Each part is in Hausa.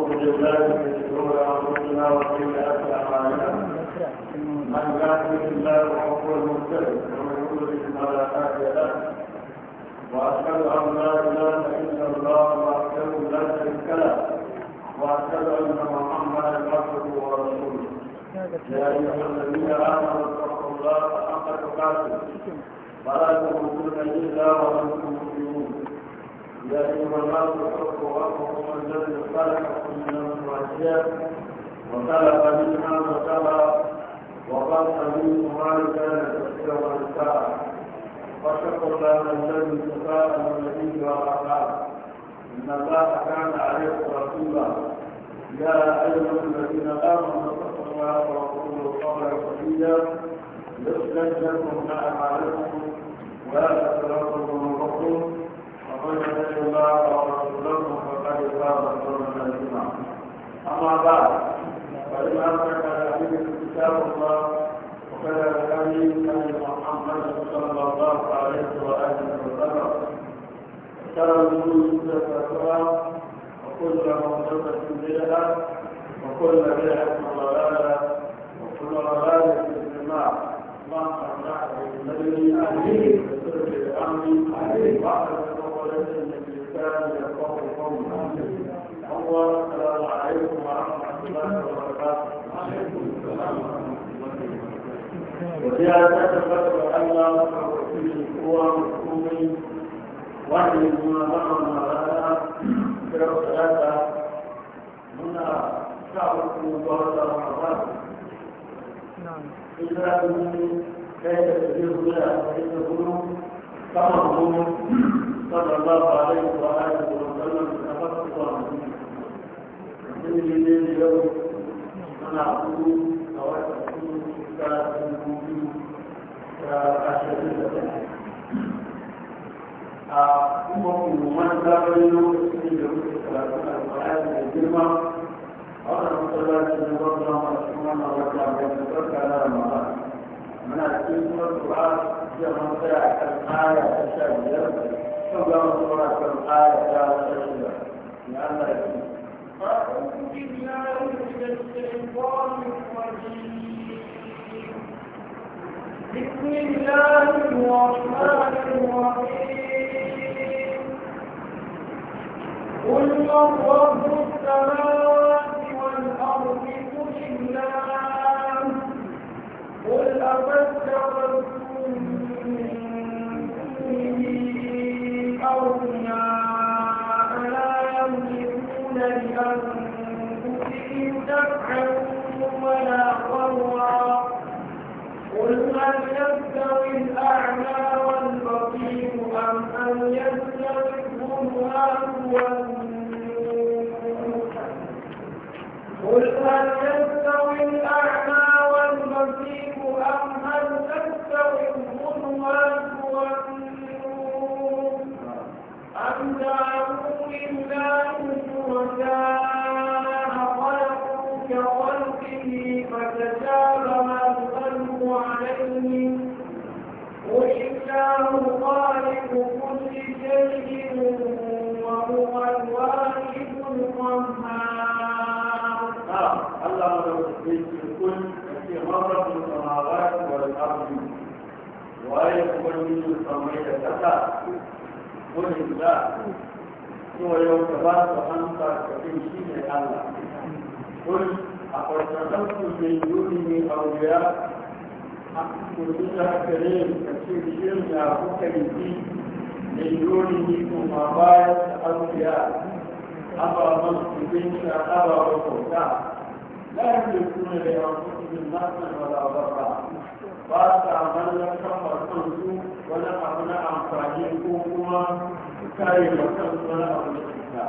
ونعوذ بالله من شرور انفسنا وسيئات اعمالنا من يهده الله فهو المهتدي ومن يضلل فلا هادي له واشهد ان لا اله الا الله وحده لا شريك له واشهد ان محمدا عبده ورسوله يا ايها الذين امنوا اتقوا الله حق تقاته ولا تموتن الا وانتم مسلمون يا أيها الناس اتقوا ربكم الذي خلقكم من نفس واحدة وخلق منها ما زوجها وخلق منهما رجالا كثيرا ونساء واتقوا الله الذي تساءلون به والأرحام إن الله كان عليه رسولا يا أيها الذين آمنوا اتقوا الله وقولوا قولا سديدا يصلح لكم ما أعمالكم ولا تتركوا من ربكم ومن يطع الله ورسوله فقد فاز فوزا اما بعد فان اصدق الحديث كتاب الله وخير الهدي هدي محمد صلى الله عليه واله وسلم وشر الامور محدثاتها وكل محدثه بدعه وكل بدعه ضلاله وكل ضلاله في النار اللهم اجعل من الذين امنوا وعلى الله يرحمكم الله السلام ورحمة الله وبركاته وفيها تثبت أن هو مفهومي وحي ما مر معنا في الثلاثة هنا شعبكم وبركة رمضان كيف تجيب بها فإنه كما هو صلى الله عليه وآله وسلم تفقد عنه من الذين اليوم أنا أقول أود أن أكون كأشهد أمم من قبل في اليوم ثلاثون القرآن الكريمة أنا أصلي في الله سبحانه وتعالى وتذكر رمضان من أكيد القرآن جمع في الآية الشهيرة فقال الله كم آية ثالثة أولى لأن أعوذ بالله من الشيطان الرجيم بسم الله الرحمن الرحيم قل من رب السماوات والأرض قل الله قل أفاتخذتم الأعمى والبصير أم أن يستغفرهم هو قل هل يستوي الأعمى والبصير أم هل تستوي الظلمات والنور أم جعلوا bayan ubangijin samai da kasa wurin da cewa yau ka ba su hanta ka bin shi ne allah wurin a kwanciyar su ne yuri ne a wuya a kudin da aka ne ka ce shirin da kuka yi ji ne yuri ne kuma bayan da abuya ababen su bin shi a ababen kyauta la yanzu kuna da yawan kusurin nasan wala barra ba sa mallan kafar kansu wani abu na amfani ko kuma kare da kansu wani abu na cuta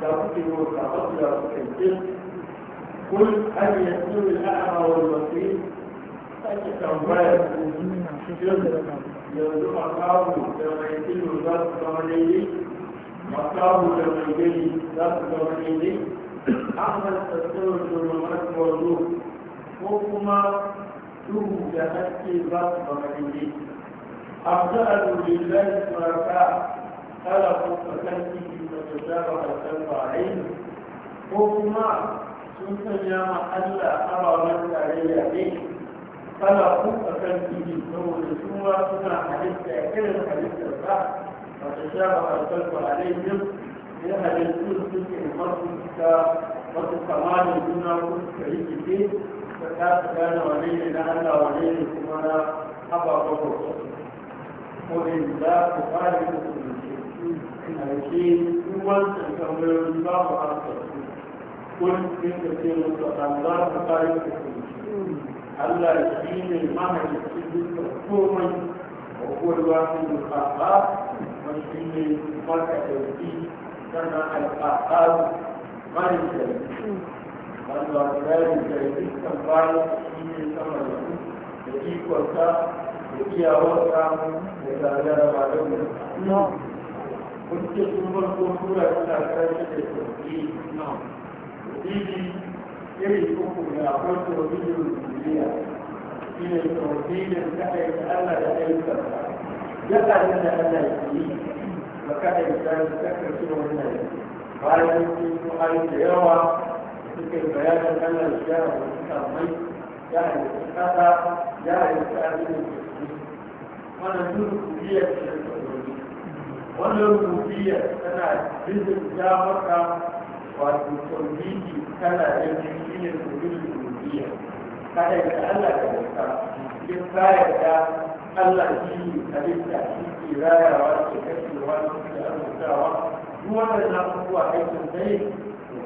da kuke yi wa kafar da kuke kul an yasu al'ama wal basir sake tambaya yanzu makawu da mai tilo za su zama daidai makawu da mai gani za su zama daidai an halatta tsawon domin ko kuma duhu da haske ba su makarfi أخذوا لله شركاء خلقوا فكنته فتشابه الخلق عليه وهما سنة يا محل أرى من علي به خلقوا فكنته نور سوى سنة حديث كل حديث الصح فتشابه الخلق عليهم من حديث كل سنة المصر كمال دون كل شيء ka kasa gane ne na Allah wane ne kuma na ababen bauta ko in za ku fara yin yake duk wancan tambayoyi ba mu amsa Ko kun in ka ce musu an za ku fara yin musulunci Allah shi ne mahaifin dukkan komai wa kowa su yi kafa wani shi ne maka ɗauki sannan alƙaƙaru wanda wata yari da dukkan bayan shi ne sama da su da ikonsa da iyawarsa da tsadar malar da kun ce sun farko tura suna karshe da sauki sauki irin uku ne akwai sauki da rubuliya shi ne sauki da yi ta Allah da ayyukansa ya ɗarin da Allah ya yi ba kaɗa ya ta da ya wannan bayan sun yi da yawa suke bayanin Allah ya wasu kamai ya halittu kasa ya halittu abinin wannan duk rubiyar ce ta wani wannan rubiyar tana bizin ya maka wato tauhidi tana da jirgin rubiyar rubiyar kada ka Allah ka rika in ka yarda Allah shi halitta shi ke rayawa ke kashewa shi ke azurtawa duk wannan abubuwa aikin sai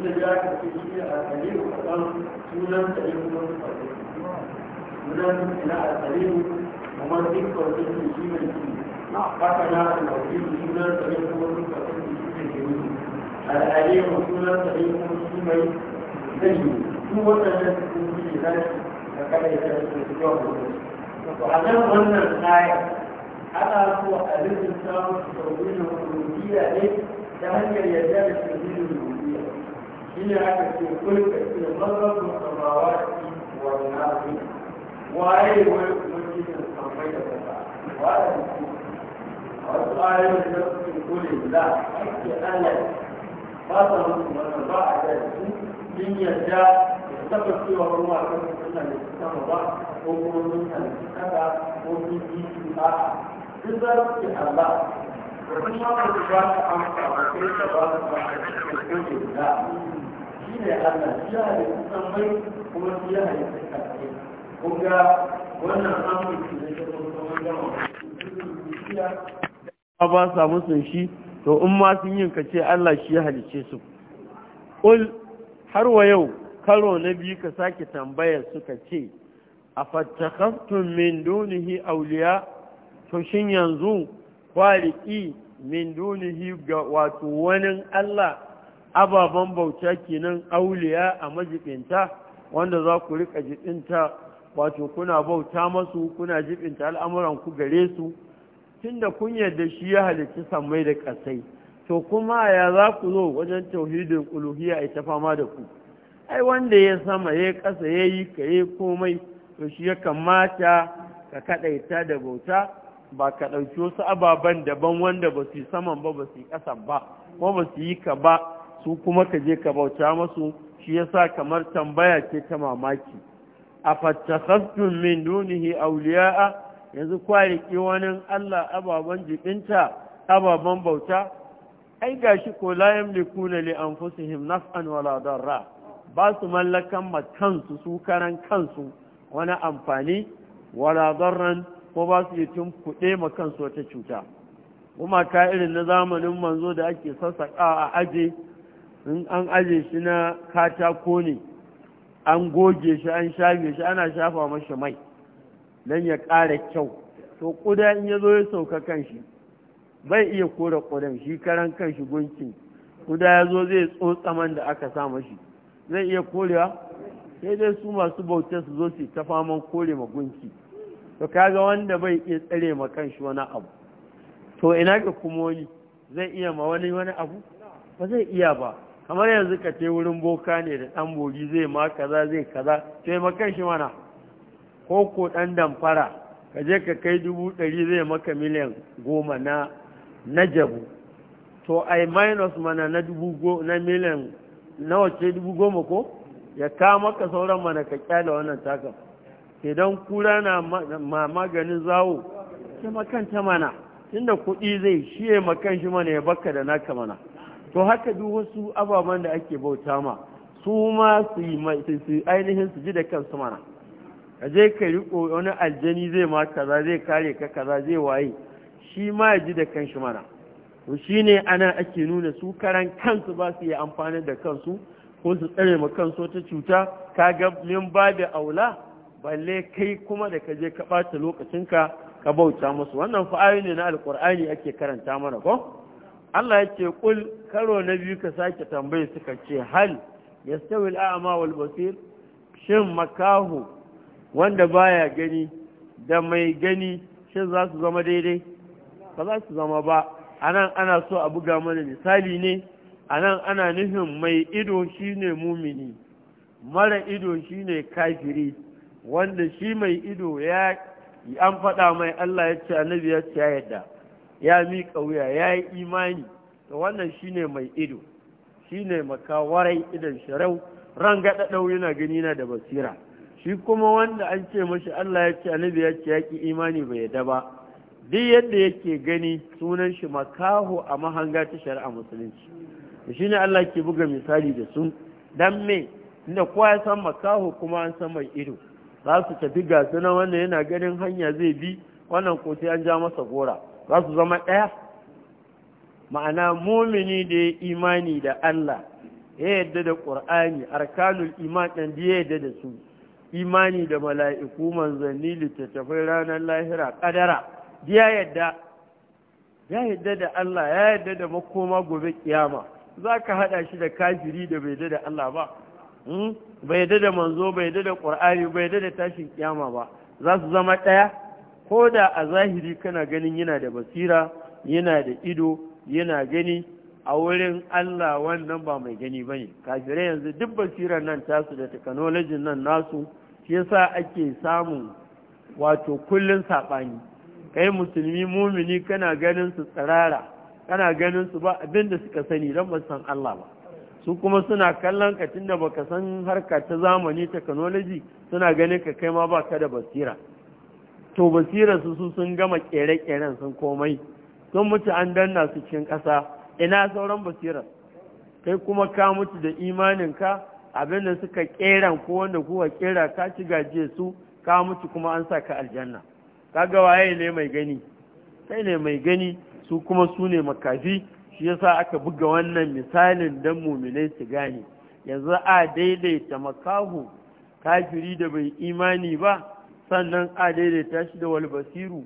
inda ya kafi shi a kare wa kasan sunan da ya kuma su farko sunan ina a kare kuma duk farko su shi mai shi haka na da kawai sunan da ya kuma su farko su shi mai shi al'are wa sunan da ya kuma su mai zai su waɗannan su kuma shi na shi a kare da su su yau da a nan wannan kayan ana so a rikin samun sauƙi da ne ta hanyar yadda da shi إلى أن كل تأثير مصدر من السماوات ومن الأرض وأي وجه من صفيت الدفاع وهذا مكتوب وأي وجه من كل لا أي أن فاطر من الباع ذلك من يشاء يستقر في وقوع كل سنة يستقر الله وكل سنة كذا وفي دين الله تظهر في الله ومن مرة تشاهد أمر الله كل سنة تظهر في الله ne Allah shi ya halitta sammai kuma shi ya halitta kasai kun ga wannan amince da shi kuma kuma gama ba sa musun shi to in ma sun yin kace Allah shi ya halice su ƙul har wa yau karo na biyu ka sake tambayar suka ce a fattakaftun min dunihi auliya to shin yanzu kwariki min dunihi ga wato wani Allah ababen bauta kenan auliya a majibinta wanda za ku rika jibinta wato kuna bauta masu kuna jibinta al'amuran ku gare su tunda kun yarda shi ya halicci sammai da kasai to kuma ya za ku zo wajen tauhidin uluhiyya a ta fama da ku ai wanda ya sama ya kasa ya yi ka yi komai to shi ya kamata ka kaɗaita da bauta ba ka ɗauki wasu ababen daban wanda ba su yi saman ba ba su yi ƙasan ba ko ba su yi ka ba su kuma ka je ka bauta masu shi yasa kamar tambaya ce ta mamaki a fattakhastun min dunihi awliya'a yanzu kwariki wani Allah Ababen jibinta Ababen bauta ai ga shi ko la yamlikuna li anfusihim naf'an wala ra. ba su mallakan ma su karan kansu wani amfani wala ran ko ba su yi tun kuɗe ma kansu wata cuta kuma ka irin na zamanin manzo da ake sassaƙa a aji. in an aje shi na katako ne an goge shi an shage shi ana shafa mashi mai don ya ƙara kyau to ƙuda in ya zo ya sauka kanshi bai iya kora ƙudan shi karan kanshi gunkin ƙuda ya zo zai tsotsa man da aka sa mashi zai iya korewa sai dai su masu bauta su zo su ta faman kore ma gunki to kaga wanda bai iya tsare ma kanshi wani abu to ina ga kuma wani zai iya ma wani wani abu ba zai iya ba kamar yanzu ka ce wurin boka ne da ɗan bogi zai ma kaza zai kaza taimakon shi mana ko ko ɗan damfara ka je ka kai dubu ɗari zai maka miliyan goma na na jabu to ai minus mana na dubu go na miliyan nawa wace dubu goma ko ya ka maka sauran mana ka kyale wannan takan idan kura na ma maganin zawo ke makanta mana tunda kuɗi zai shi makan shi mana ya baka da naka mana to haka duk wasu ababen da ake bauta ma su ma su yi ainihin su ji da kansu mana a je ka riko wani aljani zai ma kaza zai kare ka kaza zai waye shi ma ya ji da kanshi mana to shi ne ana ake nuna su karan kansu ba su yi amfani da kansu ko su tsare ma kansu ta cuta ka ga min ba da aula balle kai kuma da ka je ka ɓata lokacinka ka bauta musu wannan fa'ayi ne na alƙur'ani ake karanta mana ko Allah ya ce kul karo na biyu ka sake tambayi suka ce hal ya stawi al'ama wal basir shin makahu wanda baya gani da mai gani shin za su zama daidai ba za su zama ba anan ana so a buga mana misali ne anan ana nufin mai ido shine mumini mara ido shine kafiri wanda shi mai ido ya an faɗa mai Allah ya ce annabi ya ce ya yadda ya miƙa wuya ya yi imani to wannan shine mai ido shine makawarai idan sharau rangadadau yana gani na da basira shi kuma wanda an ce mashi Allah ya ce annabi ya ce yaki imani bai yadda ba duk yadda yake gani sunan shi makaho a mahanga ta shari'a musulunci shine Allah ke buga misali da su dan me inda kowa ya san makaho kuma an san mai ido za su tafi gasu na wannan yana ganin hanya zai bi wannan kotu an ja masa gora za su zama ɗaya ma'ana mumini da ya imani da Allah ya yadda da ƙur'ani arkanul iman ɗan da ya yadda da su imani da mala'iku manzanni littattafai ranar lahira ƙadara ya yadda ya yadda da Allah ya yadda da makoma gobe kiyama za ka haɗa shi da kafiri da bai yadda da Allah ba hmm? bai yadda da manzo bai yadda da ƙur'ani bai yadda da tashin kiyama ba za su zama ɗaya ko da a zahiri kana ganin yana da basira yana da ido yana gani a wurin Allah wannan ba mai gani ba ne kafirai yanzu duk basirar nan tasu da teknolojin nan nasu shi yasa ake samun wato kullun saɓani kai musulmi mumini kana ganin su tsirara kana ganin su ba abinda suka sani don ba san Allah ba su kuma suna kallon ka tunda ka san harka ta zamani teknoloji suna ganin ka kai ma ba ka da basira to basira su su sun gama kere-keren sun komai sun mutu an danna su cikin ƙasa ina sauran basirar kai kuma ka mutu da imaninka abinda suka ƙera ko wanda kuka ƙera ka ci gaje su ka mutu kuma an sa ka aljanna kaga waye ne mai gani kai ne mai gani su kuma su ne makafi shi yasa aka buga wannan misalin dan muminai su gane yanzu a daidaita makahu kafiri da bai imani ba sannan a daidaita shi da basiru?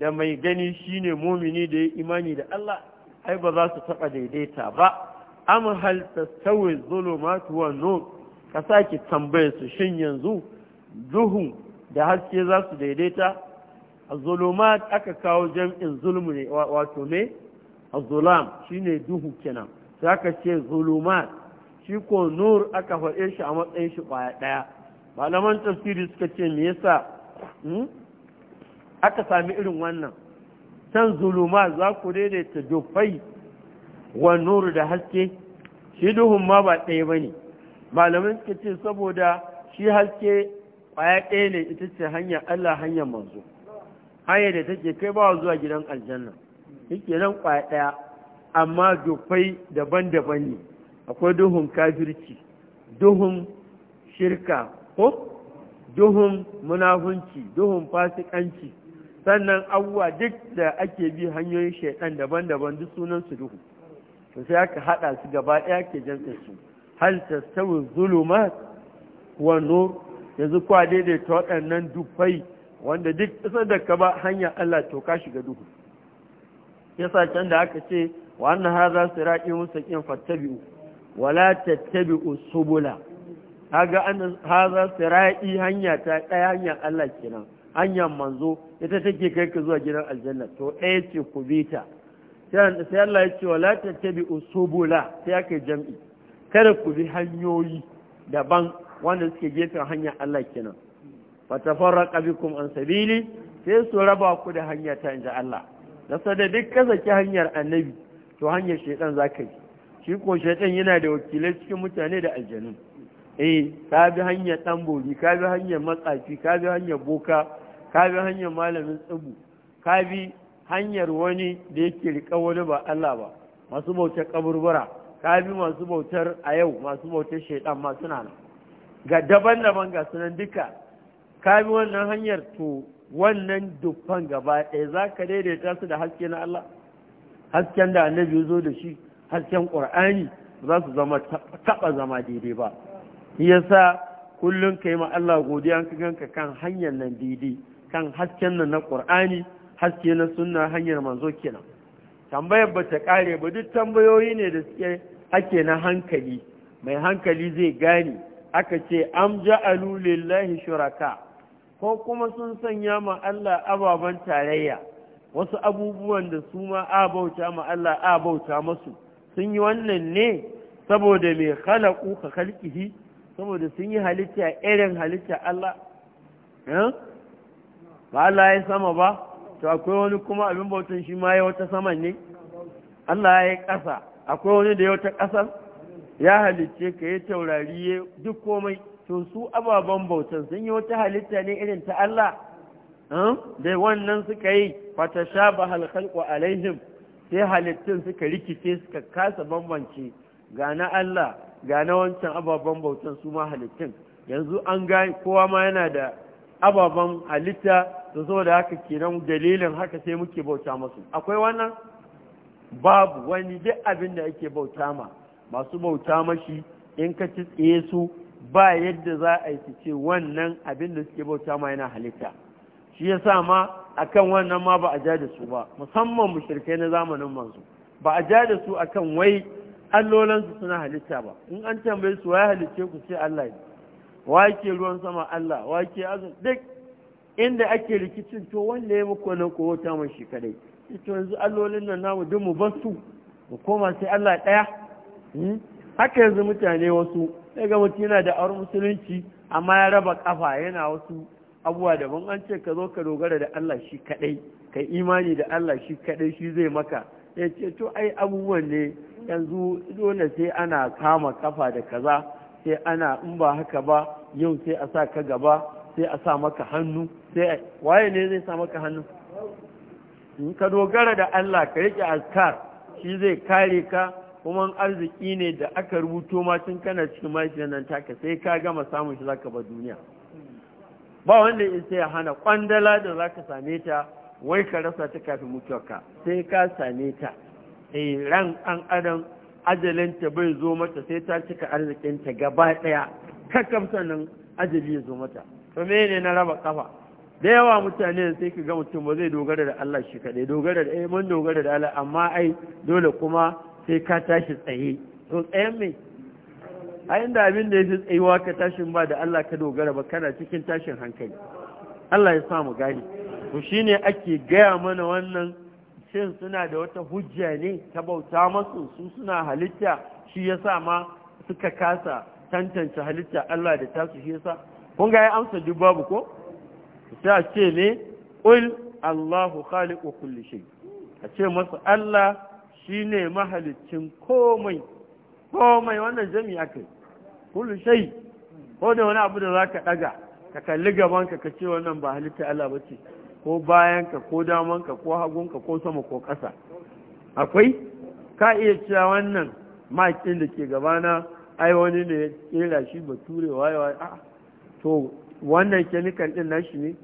da mai gani shine mumini da ya imani da Allah ai ba za su taɓa daidaita ba am hal tastawi zulumatu wan nur ka saki tambayar su shin yanzu duhu da haske za su daidaita az-zulumat aka kawo jam'in zulmu ne wato me Azulam zulam shine duhu kenan zaka ce zulumat shi ko nur aka faɗe shi a matsayin shi kwaya ɗaya malaman tafsiri suka ce me yasa hmm? aka sami irin wannan san zuluma za ku daidaita dufai wa nuru da haske shi duhun ma ba ɗaya ba ne malamin suka ce saboda shi haske ƙwaya ɗaya ne ita ce hanya, allah hanyar manzo Hanya da take kai ba zuwa gidan aljanna yake nan ƙwaya ɗaya amma dufai daban-daban ne akwai duhun kafirci duhun shirka ko duhun munafunci duhun fasikanci sannan abubuwa duk da ake bi hanyoyin shaidan daban-daban duk sunan su duhu to sai aka hada su gaba daya ke jantar su hal tastawi zuluma wa nur yanzu kwa daidaita waɗannan dufai wanda duk isar da ka ba hanya Allah to ka shiga duhu yasa can da aka ce wa anna hadha sirati mustaqim fattabi'u wa la tattabi'u subula kaga an hadha sirati hanya ta daya hanya Allah kenan hanyar manzo ita take kai ka zuwa gidan aljanna to ɗaya ce ku bi ta sai Allah ya ce wala tattabi usubula sai aka jam'i kada ku bi hanyoyi daban wanda suke gefen hanyar Allah kenan fa tafarraqa bikum an sabili sai su raba ku da hanya ta inda Allah da sada duk ka ki hanyar annabi to hanyar shaytan zaka yi shi ko shaytan yana da wakilai cikin mutane da aljannu eh ka bi hanyar ɗanbobi ka bi hanyar matsafi ka bi hanyar boka ka bi hanyar malamin tsibu ka bi hanyar wani da yake riƙa wani ba Allah ba masu bautar kaburbura ka bi masu bautar a yau masu bautar shaidan masu nan ga daban-daban ga sunan duka ka bi wannan hanyar to wannan dukkan gaba ɗaya za ka daidaita su da haske na Allah hasken da annabi zo da shi hasken ƙur'ani za su zama taɓa zama daidai ba yasa kullum ka yi ma Allah godiya ka ganka kan hanyar nan daidai kan hasken nan na ƙur'ani haske na sunna hanyar manzo kenan tambayar ba ta ƙare ba duk tambayoyi ne da suke ake na hankali mai hankali zai gane aka ce am ja'alu lillahi shuraka ko kuma sun sanya ma Allah ababan tarayya wasu abubuwan da su ma a bauta ma Allah a bauta masu sun yi wannan ne saboda mai khalaqu ka khalqihi saboda sun yi halitta irin halitta Allah eh? ba Allah ya sama ba to akwai wani kuma abin bautan shi ma ya wata saman ne Allah ya ƙasa akwai wani da ya wata ƙasar ya halicce ka ya taurari ya duk komai to su ababen bautan sun yi wata halitta ne irin ta Allah hmm? da wannan suka yi fata sha ba halkalko alaihim sai halittun suka rikice suka kasa bambance gana Allah ga na wancan ababen bautan su ma halittun yanzu an ga kowa ma yana da ababen halitta to da haka kenan dalilin haka sai muke bauta masu, akwai wannan babu wani duk abin da ake bauta ma masu bauta mashi in ka ci tsaye su ba yadda za a yi ce wannan abin da suke bauta ma yana halitta shi ya sa ma akan wannan ma ba a ja da su ba musamman mushrikai na zamanin manzo ba a ja da su akan wai allolansu suna halitta ba in an tambaye su waye halicce ku sai Allah ne wa ruwan sama Allah wake azu duk inda ake rikicin to wanda ya muku nan ko wata mai shi kadai to yanzu allolin nan namu duk mu basu mu koma sai Allah daya hmm? haka yanzu mutane wasu daga mutum yana da auren musulunci amma ya raba kafa yana wasu abuwa daban an ce ka zo ka dogara da Allah shi kadai ka imani da Allah shi kadai shi zai maka ya ce to ai abubuwan ne yanzu dole sai ana kama kafa da kaza sai ana in ba haka ba yau sai a sa ka gaba sai a sa maka hannu sai waye ne zai sa maka hannu in ka dogara da Allah ka riƙe azkar shi zai kare ka kuma arziki ne da aka rubuto ma tun kana cikin mahaifiyar nan taka sai ka gama samun shi zaka bar duniya ba wanda ya sai hana kwandala da zaka same ta wai ka rasa ta kafin mutuwarka sai ka same ta eh ran an adam ajalinta bai zo mata sai ta cika arzikin ta gaba daya kakkamta nan ajali ya zo mata to mene na raba kafa da yawa mutane sai ka ga mutum ba zai dogara da Allah shi kaɗai dogara da eh, mun dogara da Allah amma ai dole kuma sai ka tashi tsaye to tsayen me a inda abin da ya fi tsayuwa ka tashin ba da Allah ka dogara ba kana cikin tashin hankali Allah ya sa mu gani to shine ake gaya mana wannan shin suna da wata hujja ne ta bauta masu su suna halitta shi yasa ma suka kasa tantance halitta Allah da tasu shi yasa kun ga ya amsa duk babu ko a ce ne ul Allahu khaliqu kulli shay a ce masa Allah shine mahalicin komai komai wannan jami'a kai kullu shay ko da wani abu da zaka daga ka kalli gaban ka ce wannan ba halitta Allah bace ko bayan ka ko daman ka ko hagun ka ko sama ko kasa akwai ka iya cewa wannan makin da ke gabana ai wani ne ya kera shi ba waye waye a'a to wannan ɗin din nashi ne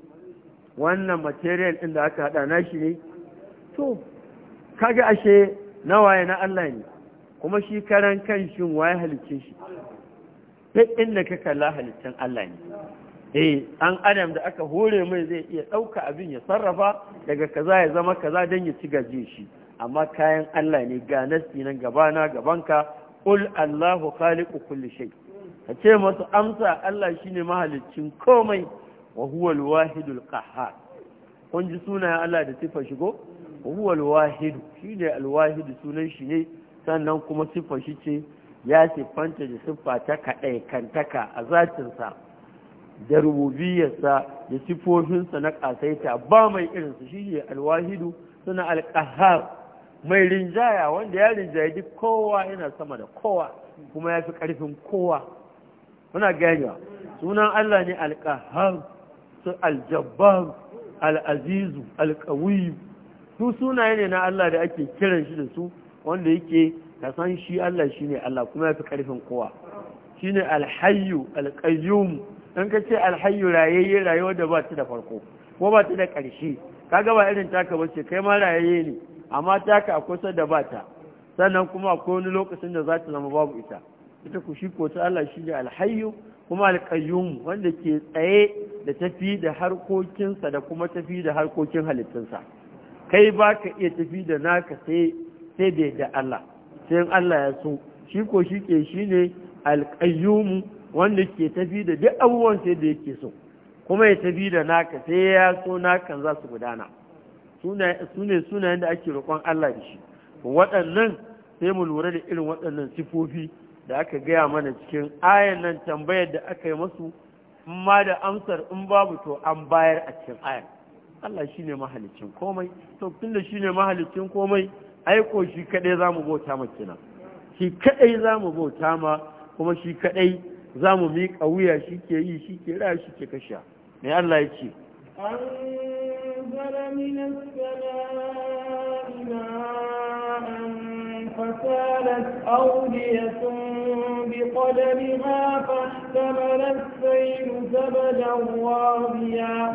wannan material din da aka hada nashi ne to kaga ashe nawaye na Allah ne kuma shi karan kan shi waye halicce shi duk inda ka kalla halittan Allah ne eh an adam da aka hore mai zai iya ɗauka abin ya sarrafa daga kaza ya zama kaza dan ya ci gaje shi amma kayan Allah ne ga nasi nan gabana gabanka qul Allahu khaliqu kulli shay ka ce masu amsa Allah shi ne mahaliccin komai wa huwa wahidul kun ji sunayen Allah da siffar shigo wa huwa al shi ne alwahidu sunan shi ne sannan kuma siffar shi ce ya siffanta da siffa ta kaɗai kantaka a zatinsa da rububiyarsa da sifofinsa na ƙasaita ba mai irinsa shi ne alwahidu suna alƙahar mai rinjaya wanda ya rinjaya duk kowa yana sama da kowa kuma ya fi ƙarfin kowa muna gaya sunan Allah ne alƙahar su aljabbar al'azizu alƙawiyu su sunaye ne na Allah da ake kiran shi da su wanda yake ka san shi Allah shi ne Allah kuma ya fi ƙarfin kowa shi ne alhayu alƙayyum in ka ce alhayu rayayye rayuwar da ba ta da farko ko ba ta da ƙarshe ka gaba irin taka ba ce kai ma rayayye ne amma taka a sadda ba ta sannan kuma akwai wani lokacin da za ta zama babu ita ita ku shi ko ta Allah shi ne alhayyu kuma alƙayyum wanda ke tsaye da tafi da harkokinsa da kuma tafi da harkokin halittunsa kai ba ka iya tafi da naka sai sai da da Allah sai Allah ya so shi ko shi ke shi ne alƙayyum wanda ke tafi da duk abubuwan sai da yake so kuma ya tafi da naka sai ya so naka za su gudana su ne sunayen da ake roƙon Allah da shi waɗannan sai mu lura da irin waɗannan sifofi da aka gaya mana cikin ayan nan tambayar da aka yi masu ma da amsar in babu to an bayar a cikin ayan Allah shi ne mahalicin komai to tun da shi ne mahalicin komai aiko shi kaɗai za mu bauta ma shi kaɗai za mu bauta ma kuma shi kaɗai za mu miƙa wuya shi ke yi shi ke raya shi ke kasha mai Allah ya ce أنزل من فسالت أودية بقدرها فاحتمل السيل زبدا واضيا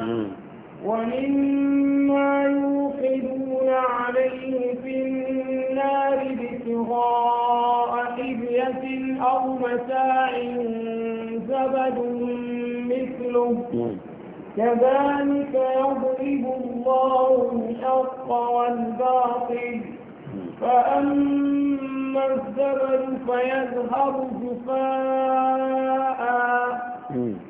ومما يوقدون عليه في النار ابتغاء حبية أو متاع زبد مثله كذلك يضرب الله الحق والباطل فأما الزبد فيذهب جفاء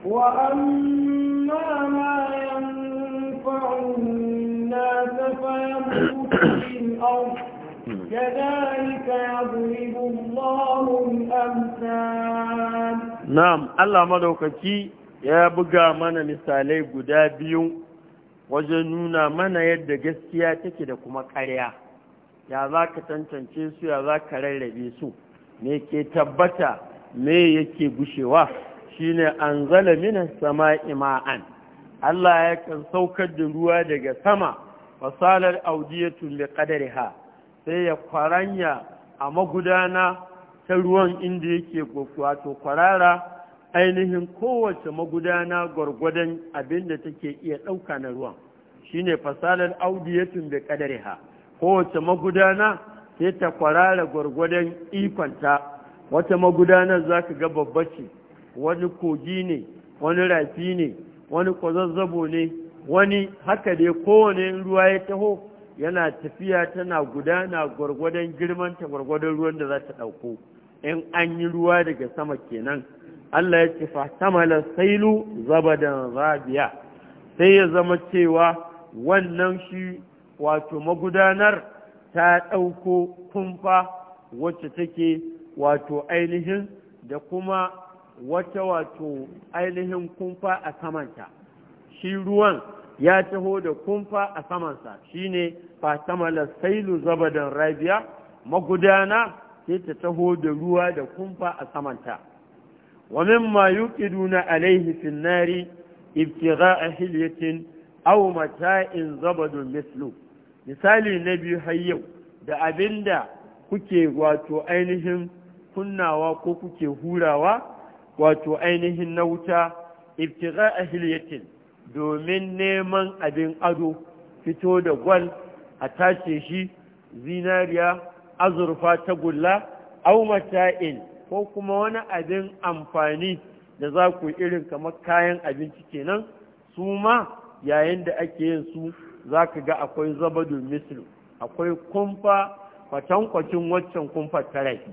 وأما ما ينفع الناس فيمكث في الأرض كذلك يضرب الله الأمثال نعم الله مدوكتي ya buga mana misalai guda biyu wajen nuna mana yadda gaskiya take da kuma ƙarya ya za ka tantance su ya za ka rarrabe su me ke tabbata me yake gushewa shine an zala minas sama ima'an Allah ya kan saukar da ruwa daga sama fasalar audiyatun da ha, sai ya kwaranya a magudana ta ruwan inda yake wato kwarara ainihin kowace magudana gwargwadon abinda take iya ɗauka na ruwan shine fasalar audiyatun da ha. kowace magudana sai ta kwarara gwargwadon ikonta wata magudanar za ka ga babba ce wani kogi ne wani rafi ne wani kwazazzabo ne wani haka dai kowane ruwa ya taho yana tafiya tana gudana gwargwadon girmanta gwargwadon ruwan da za ta ɗauko in an yi ruwa daga sama kenan Allah ya ce fatamala sailu zabadan rabiya sai ya zama cewa wannan shi wato magudanar ta ɗauko kumfa wacce take wato ainihin da kuma wata wato ainihin kumfa a samanta shi ruwan ya taho da kumfa a samansa shine fatamala sailu zabadan rabiya magudana sai ta taho da ruwa da kumfa a samanta wa mimma yuqiduna alaihi fin nari ibtigha'a hilyatin aw mata'in zabadun mislu misali na biyu har yau da abinda kuke wato ainihin kunnawa ko kuke hurawa wato ainihin na wuta ibtiga ahliyatin domin neman abin ado fito da gwal a tace shi zinariya azurfa tagulla aw mata'in ko kuma wani abin amfani da za ku irin kamar kayan abinci kenan su ma yayin da ake yin su za ka ga akwai Zabadun Misir, akwai kumfa kwatankwacin waccan kumfa ta rafi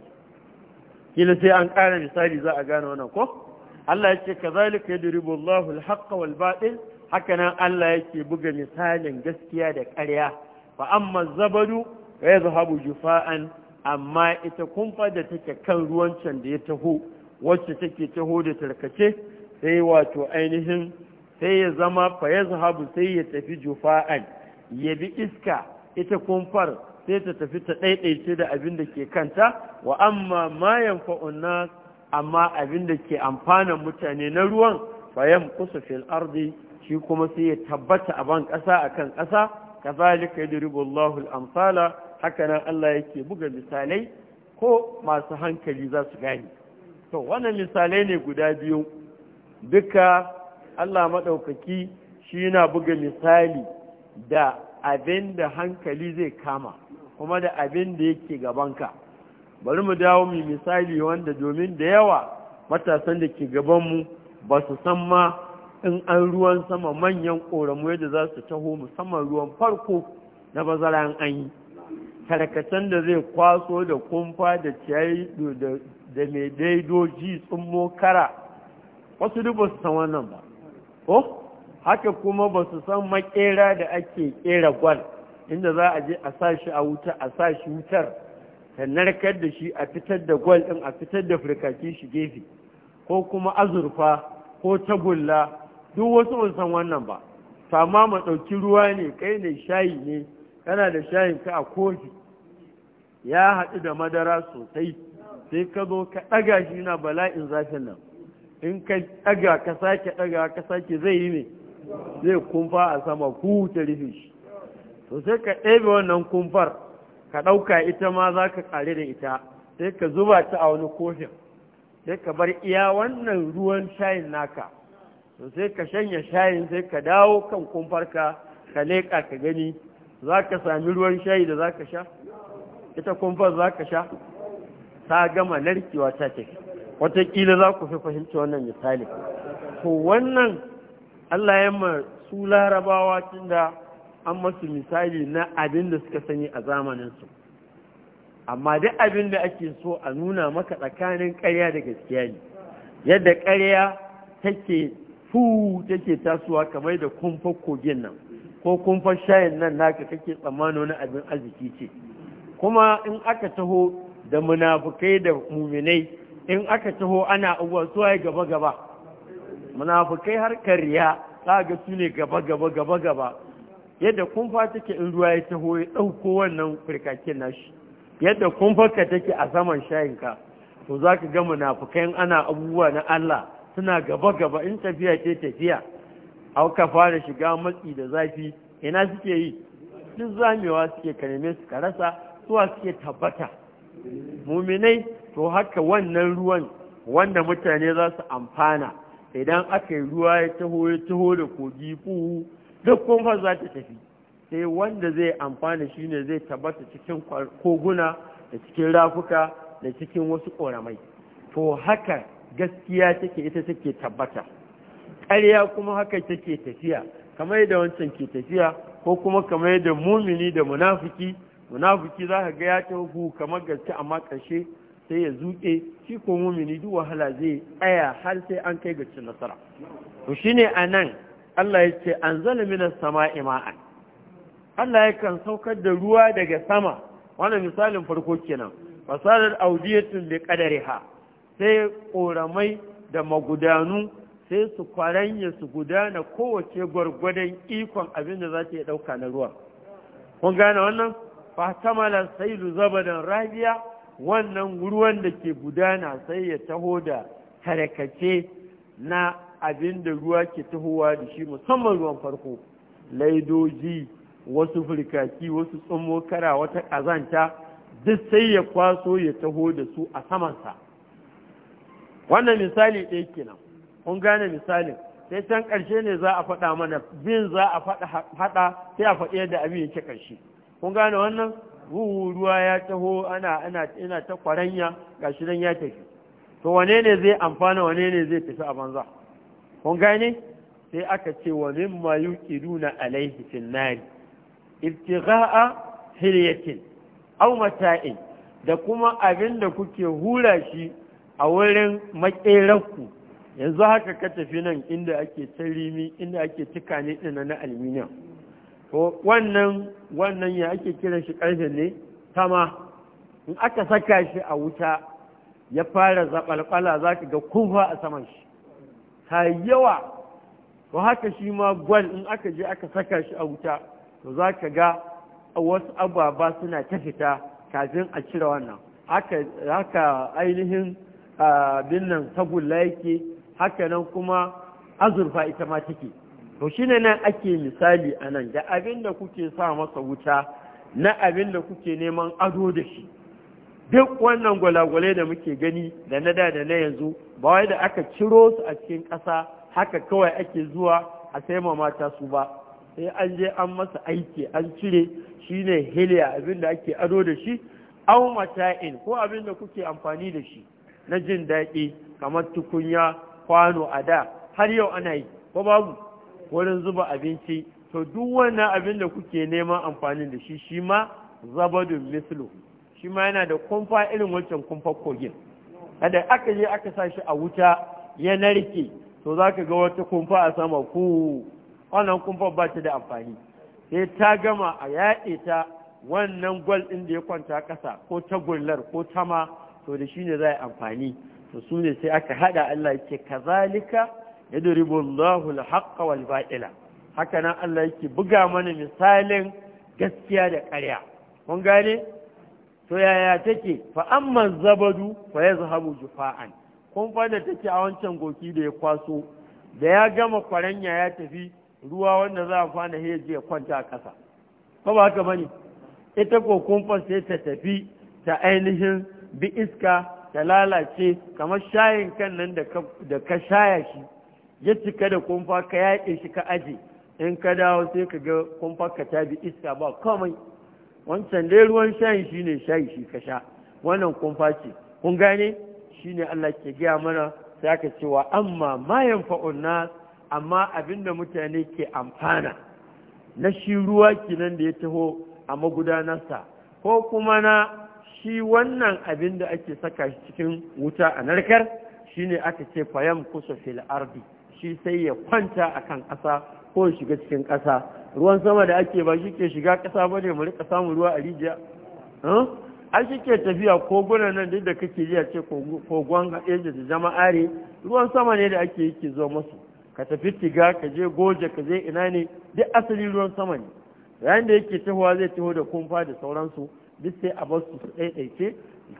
kila sai an ƙara misali za a gane wannan ko Allah ya ce ka zalika yadribu Allahu al-haqqa wal batil haka nan Allah yake buga misalin gaskiya da ƙarya fa amma zabadu ya Habu jufa'an amma ita kumfa da take kan ruwan can da ya taho wacce take taho da tarkace sai wato ainihin sai ya zama fa zahabu sai ya tafi jufa'an ya bi iska ita kumfar sai ta tafi ta ɗaiɗaice da abin da ke kanta wa amma mayan yanfa'un amma abin da ke amfanan mutane na ruwan fa kusa fil ardi shi kuma sai ya tabbata a ban ƙasa akan ƙasa kazalika yi Allahu amsala haka nan Allah yake buga misalai ko masu hankali za su gane to wannan misalai ne guda biyu duka Allah maɗaukaki shi yana buga misali da abin da hankali zai kama kuma da abin da yake gabanka bari mu dawo mu misali wanda domin da yawa matasan da ke gabanmu ba su san ma in an ruwan sama manyan ƙoramu yadda za su taho musamman ruwan farko na bazaran an yi karkatan da zai kwaso da kumfa da ciyayi da mai daidoji tsummo kara wasu duk ba su san wannan ba ko haka kuma ba su san makera da ake kera gwal inda za a je a sa shi a wuta a sa shi wutar ta narkar da shi a fitar da gwal din a fitar da firkaci shi gefe ko kuma azurfa ko tagulla duk wasu ban san wannan ba amma ma ɗauki ruwa ne kai ne shayi ne kana da shayin ka a kofi ya haɗu da madara sosai sai ka zo ka ɗaga shi na bala'in zafin nan in ka ɗaga ka sake ɗaga ka sake zai yi ne zai kumfa a sama ku ta rufe shi to sai ka ɗebe wannan kumfar ka ɗauka ita ma za ka ƙare da ita sai ka zuba ta a wani kofin sai ka bar iya wannan ruwan shayin naka to sai ka shanya shayin sai ka dawo kan kumfarka ka leƙa ka gani za ka sami ruwan shayi da za ka sha ita kumfar za ka sha ta gama narkewa ta tafi Wataƙila za ku fi fahimci wannan misali Ko wannan Allah ya ma su larabawa tunda an masu misali na abin da suka sani a zamaninsu amma duk abin da ake so a nuna maka tsakanin ƙarya da gaskiya ne yadda ƙarya take fu take tasowa kamar da kumfar kogin nan ko kumfar shayin nan naka kake tsammano na abin arziki ce kuma in aka taho da munafukai da muminai in aka taho ana abuwa suwaye gaba-gaba munafukai har harkar riya ga su ne gaba-gaba gaba-gaba yadda kumfa take in ruwa ya taho ya ɗauko wannan firkakin nashi yadda kumfa ka take a saman shayinka to za ka ga munafukai ana abubuwa na Allah suna gaba-gaba in tafiya ce tafiya A ka fara shiga matsi da zafi ina suke yi duk zamewa suke karame su rasa, suwa suke tabbata muminai to haka wannan ruwan wanda mutane za su amfana idan aka yi ruwa ya taho ya taho da kogi fuhu duk kumfa za ta tafi sai wanda zai amfana shi ne zai tabbata cikin koguna da cikin rafuka da cikin wasu ƙoramai to haka gaskiya take ita take tabbata ƙarya kuma haka take tafiya kamar yadda wancan ke tafiya ko kuma kamar yadda mumini da munafiki munafiki za ka ga ya taho kamar gaske amma ƙarshe sai ya zuke shi ko mumini duk wahala zai tsaya har sai an kai ga cin nasara to shine anan Allah ya ce anzala minas sama'i ma'an Allah ya kan saukar da ruwa daga sama wannan misalin farko kenan fasalar audiyatun da kadariha sai ƙoramai da magudanu sai su kwaranya su gudana kowace gwargwadon ikon abin da za ta yi ɗauka na ruwa. Kun gane wannan? Fatamala sailu zabadan rabiya wannan ruwan da ke gudana sai ya taho da tarkace na abin da ruwa ke tahowa da shi musamman ruwan farko laidoji wasu firkaki wasu tsummokara wata ƙazanta duk sai ya kwaso ya taho da su a samansa wannan misali ɗaya kenan kun gane misalin sai can ƙarshe ne za a faɗa mana bin za a faɗa sai a faɗi yadda abin yake ƙarshe kun gane wannan ruhu ruwa ya taho ana ana ina ta kwaranya gashi dan ya tafi to wane ne zai amfana wane ne zai tafi a banza kun gane sai aka ce wa min mimma yuqiduna alaihi fil nar ibtigha'a hilyatin aw mata'in da kuma abin da kuke hura shi a wurin makerarku yanzu haka ka tafi nan inda ake tarimi inda ake tukane ɗin na aluminium to wannan wannan ya ake kiran shi ƙarfe ne tama in aka saka shi a wuta ya fara zaɓalɓala za ka ga kufa a saman shi ta yawa to haka shi ma gwal in aka je aka saka shi a wuta to za ka ga wasu ababa suna ta fita kafin a cire wannan haka ainihin ah, abin nan tagulla yake haka nan kuma azurfa ita ma take to shi ne nan ake misali a nan da abin da kuke sa masa wuta na abin da kuke neman ado da shi duk wannan gwalagwale da muke gani da na da da na yanzu ba wai da aka ciro su a cikin ƙasa haka kawai ake zuwa a sai ma mata su ba sai an je an masa aiki an cire shine hiliya abin da ake ado da shi au mata'in ko abin da kuke amfani da shi na jin daɗi kamar tukunya kwano a da har yau ana yi ko babu wurin zuba abinci to duk wannan abin da kuke neman amfanin da shi shi ma zabadun mislu shi ma yana da kumfa irin wancan kumfa kogin kada aka je aka sa shi a wuta ya narke to za ka ga wata kumfa a sama ku wannan kumfa ba ta da amfani sai ta gama a yaɗe ta wannan gwal ɗin da ya kwanta ƙasa ko tagullar ko tama to da shi ne za a yi amfani to su ne sai aka haɗa Allah ya ce kazalika yadribu Allahu al wal ba'ila haka nan Allah yake buga mana misalin gaskiya da ƙarya kun gane to yaya take fa amma zabadu fa yazhabu jufa'an kun fa da take a wancan goki da ya kwaso da ya gama kwaranya ya tafi ruwa wanda za a fana heji ya kwanta a ƙasa ko ba haka bane ita ko kumfa sai ta tafi ta ainihin bi iska ta lalace kamar shayin kan nan da ka shaya shi ya cika da kumfa ka yaki shi ka aje in ka dawo sai ka ga kumfa ka ta bi iska ba komai wancan dai ruwan shayi shi ne shayi shi ka sha wannan kumfa ce kun gane shi ne Allah ke gaya mana sai aka cewa amma mayan fa'un na. amma abinda mutane ke amfana na shi ruwa kinan da ya taho a magudanarsa ko kuma na shi wannan abin da ake saka shi cikin wuta a narkar Shi ne aka ce fayam kusa fil ardi shi sai ya kwanta a kan ƙasa ko shiga cikin ƙasa ruwan sama da ake ba shi ke shiga ƙasa ba ne mu rika samun ruwa a rijiya an shi ke tafiya koguna nan duk da kake ji a ce kogon haɗe da zama are ruwan sama ne da ake yi ke zo masu ka tafi tiga ka je goje ka je ina ne duk asali ruwan sama ne yayin da yake tahowa zai taho da kumfa da sauransu duk sai a basu su ɗaiɗaice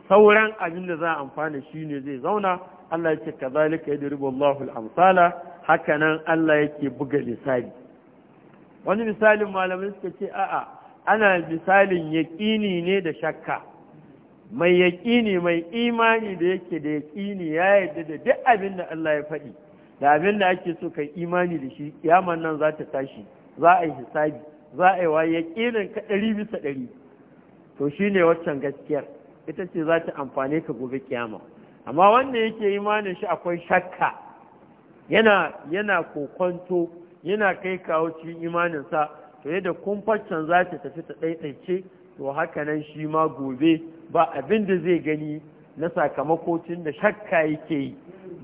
sauran abin da za a amfana shi ne zai zauna Allah yake kazalika yadribu Allahu al-amsala hakanan Allah yake buga misali wani misalin malamai suka ce a'a ana misalin yaqini ne da shakka mai yaƙini mai imani da yake da yaƙini ya yarda da duk abin da Allah ya faɗi da abin da ake so kai imani da shi kiyaman nan za ta tashi za a yi hisabi za a yi wa yaƙinin ka ɗari bisa ɗari to shine waccan gaskiyar ita ce za ta amfane ka gobe kiyama amma wanda yake imanin shi akwai shakka yana yana kokonto yana kai kawo cikin sa to yadda kumfaccen za ta tafi ta ɗaiɗaice to haka nan shi ma gobe ba abin da zai gani na tun da shakka yake yi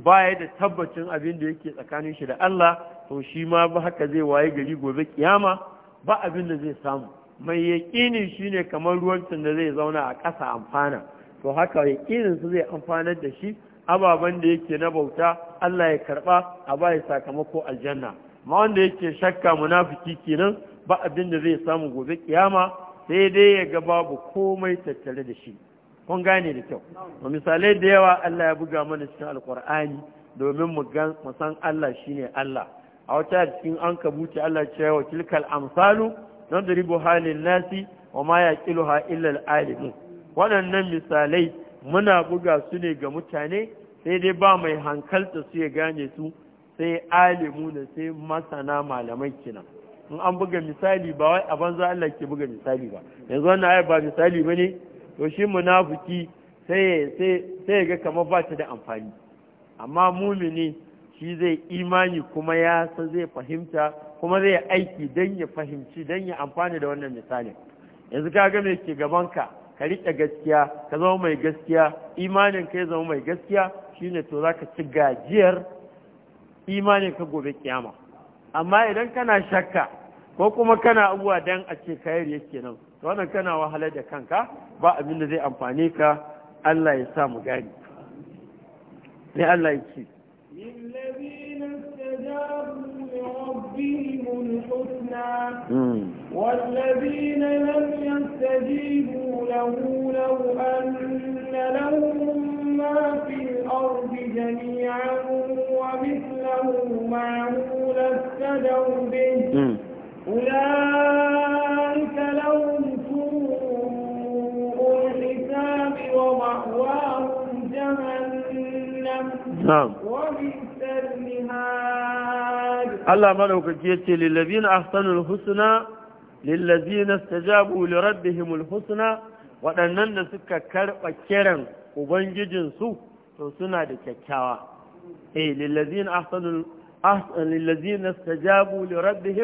baya da tabbacin abin da yake tsakanin shi da Allah to shi ma ba haka zai waye gari gobe kiyama ba abin da zai samu mai yaƙinin shine kamar ruwan da zai zauna a ƙasa amfana to haka irin su zai amfanar da shi ababen da yake na bauta Allah ya karba a bai sakamako aljanna ma wanda yake shakka munafiki kenan ba abin da zai samu gobe kiyama sai dai ya ga babu komai tattare da shi kun gane da kyau to misalai da yawa Allah ya buga mana cikin alkur'ani domin mu ga mu san Allah shine Allah a wata cikin an kabuce Allah ce wa tilkal amsalu nadribu halin nasi wa ma yaqiluha illa al-alimun waɗannan misalai muna buga su ne ga mutane sai dai ba mai hankalta su ya gane su sai alimu da sai masana malamai kenan in an buga misali ba wai a banza Allah ke buga misali ba yanzu wannan ayar ba misali ba ne to shi munafiki sai ya ga kamar ba ta da amfani amma mumini shi zai imani kuma ya san zai fahimta kuma zai aiki don ya fahimci don ya amfani da wannan misalin yanzu ka ga mai ke gabanka ka riƙe gaskiya ka zama mai gaskiya imanin ka ya zama mai gaskiya shine to za ka ci gajiyar imanin ka gobe kiyama amma idan kana shakka ko kuma kana abuwa dan a ce kayar yake nan to wannan kana wahalar da kanka ba abin da zai amfani ka Allah ya sa mu gani ne Allah ya ce الحسنى والذين لم يستجيبوا له لو أن لهم ما في الأرض جميعا ومثله معه لافتدوا به أولئك لهم سوء الحساب ومأواهم جهنم نعم وبئس Allah madaukaki yace lil ladina ahsanul husna lil ladina istajabu li rabbihimul husna waɗannan da suka karɓa kiran ubangijinsu to suna da kyakkyawa eh lil ladina ahsanul ahsan lil ladina istajabu li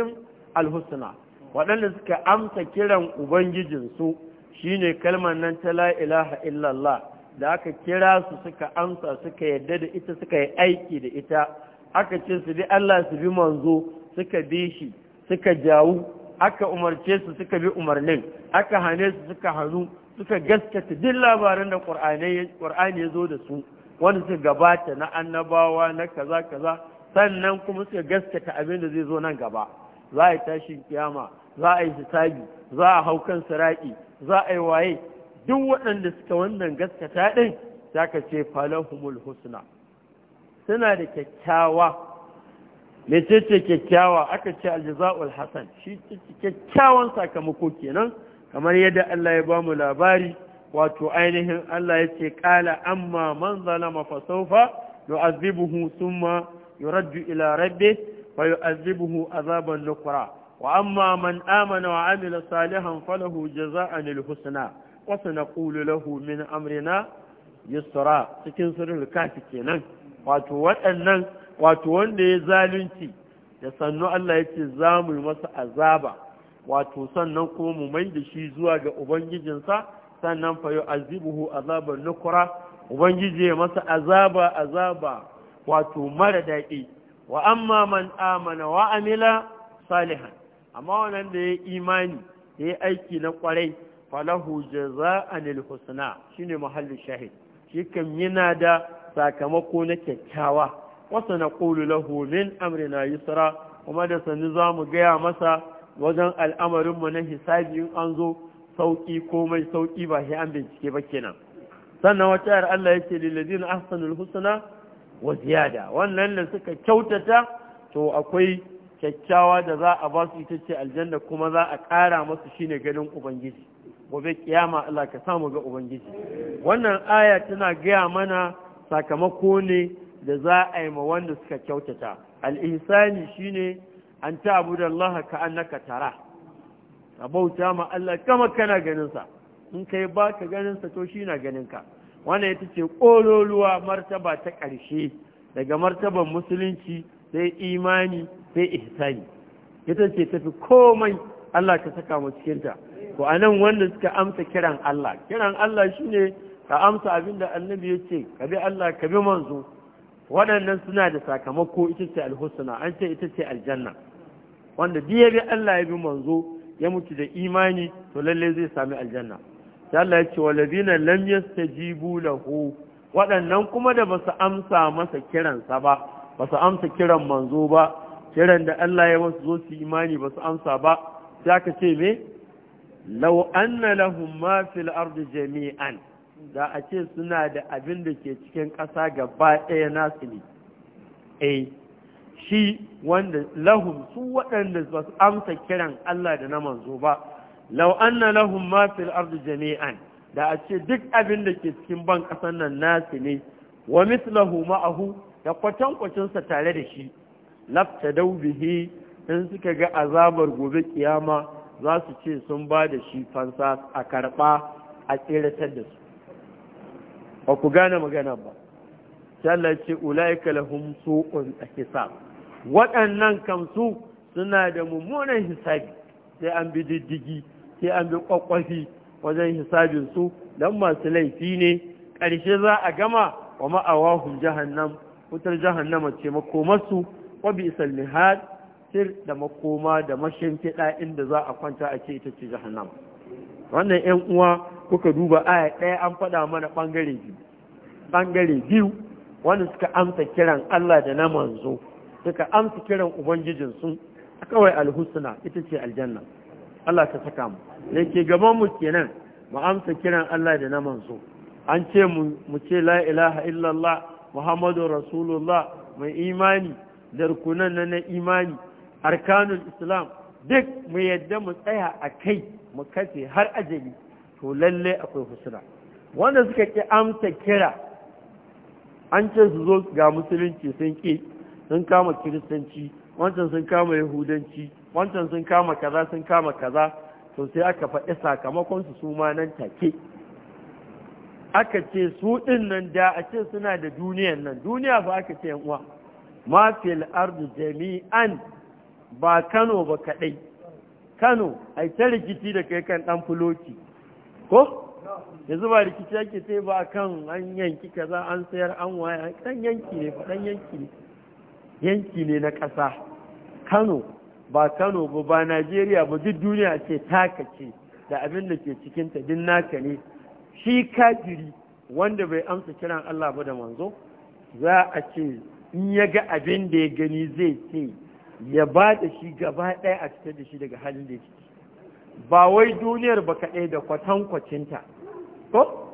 husna waɗanda suka amsa kiran ubangijinsu Shi ne kalmar nan ta la'ilaha illallah da aka kira su suka amsa suka yadda da ita suka yi aiki da ita aka ce su bi Allah su bi manzo suka bi shi suka jawu aka umarce su suka bi umarnin aka hane su suka hannu suka gaskata duk labaran da ƙur'ani ya zo da su wanda suka gabata na annabawa na kaza kaza sannan kuma suka gaskata abin da zai zo nan gaba za a yi tashin kiyama za a yi hisabi za a hau kan siraƙi, za a yi waye duk waɗanda suka wannan gaskata din za ka ce falahumul husna suna da kyakkyawa mecece kyakkyawa aka ce aljaza'ul hasan shi kyakkyawan sakamako kenan kamar yadda Allah ya bamu labari wato ainihin Allah ya ce kala amma man zalama fa sawfa yu'azibuhu thumma yuraddu ila rabbi fa yu'azibuhu azaban nukra wa amma man amana wa amila salihan falahu jaza'an alhusna wa sanaqulu lahu min amrina yusra cikin sirrul kafi kenan wato waɗannan wato wanda ya zalunci da sannu Allah ya ce za mu yi masa azaba wato sannan kuma mu mai da shi zuwa ga ubangijinsa sannan fa azibuhu azaban nukura ubangiji ya masa azaba azaba wato mara daɗi wa amma man amana wa amila salihan amma wannan da ya imani da ya aiki na kwarai falahu jaza'anil husna shine mahallin shahid shi kam yana da sakamako na kyakkyawa wasu na ƙulu lahu min yi yusra kuma da sannu za mu gaya masa wajen al'amarinmu na hisabi in an zo sauƙi ko mai sauƙi ba shi an bincike ba kenan sannan wata yar Allah yake lillazina ahsanul husna wa ziyada wannan da suka kyautata to akwai kyakkyawa da za a ba su ita ce aljanna kuma za a ƙara masu shi ne ganin ubangiji gobe kiyama Allah ka samu ga ubangiji wannan aya tana gaya mana sakamako ne da za a yi ma wanda suka kyautata al'isani shine an ta abu da Allah ka annaka tara a bauta ma Allah kama kana ganinsa in kai ba ka ganinsa to shi na ganinka wannan ita ce ƙololuwa martaba ta ƙarshe daga martaban musulunci sai imani sai ihsani ita ce tafi komai Allah ka saka mu cikinta ko anan wanda suka amsa kiran Allah kiran Allah shine ka amsa abin da annabi ya ce ka bi Allah ka bi manzo waɗannan suna da sakamako ita ce alhusna an ce ita ce aljanna wanda duk ya bi Allah ya bi manzo ya mutu da imani to lalle zai sami aljanna sai Allah ya ce walazina lam yastajibu lahu waɗannan kuma da ba su amsa masa kiransa ba ba su amsa kiran manzo ba kiran da Allah ya wasu zo su imani ba su amsa ba sai aka ce me law anna lahum ma fil ardi jami'an da a ce suna da abin da ke cikin ƙasa gaba ɗaya nasu ne a eh, shi wanda lahum su waɗanda ba su amsa kiran Allah da na manzo ba lau anna lahum ma fil ardi jami'an da a ce duk abin da ke cikin ban ƙasar nan nasu ne wa mislahu ma'ahu da kwatankwacin sa tare da shi lafta daubihi in suka ga azabar gobe kiyama za su ce sun ba da shi fansa a karɓa a tseratar da su ba ku gane magana ba Allah ce ulaika lahum su'un hisab waɗannan kamsu suna da mummunan hisabi sai an bi diddigi sai an bi kwakwafi wajen hisabin su dan masu laifi ne ƙarshe za a gama wa ma'awahum jahannam wutar jahannama ce makomarsu wa bi isal mihad sir da makoma da mashin fiɗa inda za a kwanta a ce ita ce jahannama wannan 'yan uwa kuka duba aya ɗaya an faɗa mana ɓangare biyu ɓangare biyu Wani suka amsa kiran Allah da na manzo suka amsa kiran ubangijinsu kawai alhusna ita ce aljanna Allah ka saka mu da ke gaban mu kenan mu amsa kiran Allah da na manzo an ce mu ce la ilaha illallah muhammadu rasulullah mai imani da rukunan na imani arkanul islam duk mu yadda mu tsaya a kai mu kace har ajali to lalle akwai husna wanda suka ki amsa kira an ce su zo ga musulunci sun ƙi sun kama kiristanci wancan sun kama yahudanci wancan sun kama kaza sun kama kaza to sai aka faɗi sakamakon su su ma nan take aka ce su ɗin nan da a ce suna da duniyan nan duniya ba aka ce uwa ma fil ardu jami'an ba kano ba kaɗai kano a ta rikici da kai kan ɗan fuloci ko ya zuba rikici yake sai ba kan an yanki kaza an sayar an waya dan yanki ne ba yanki ne yanki ne na ƙasa Kano ba Kano ba ba Najeriya ba duk duniya ce taka ce da abin da ke cikinta ta din naka ne shi kajiri wanda bai amsa kiran Allah ba da manzo za a ce in ya ga abin da ya gani zai ce ya ba da shi gaba ɗaya a cikin da shi daga halin da ya yake ba wai duniyar ba kaɗai da kwatan-kwacinta. ko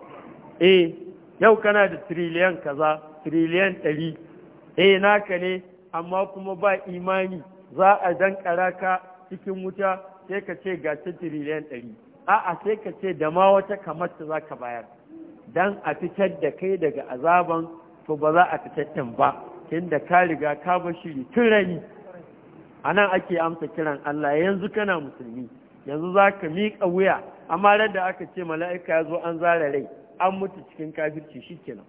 eh yau kana da triliyan kaza triliyan ɗari eh naka ne amma kuma ba imani za a dankara ka cikin wuta sai ka ce ga ta triliyan ɗari a'a sai ka ce da ma wata kamar ta za ka bayar dan a fitar da kai daga azaban to ba za a fitar ɗin ba da ka riga ka bar shiri tun rani a nan ake amsa kiran Allah yanzu kana musulmi yanzu za ka miƙa wuya amma da aka ce mala'ika ya zo an zara rai an mutu cikin kafirci shi kenan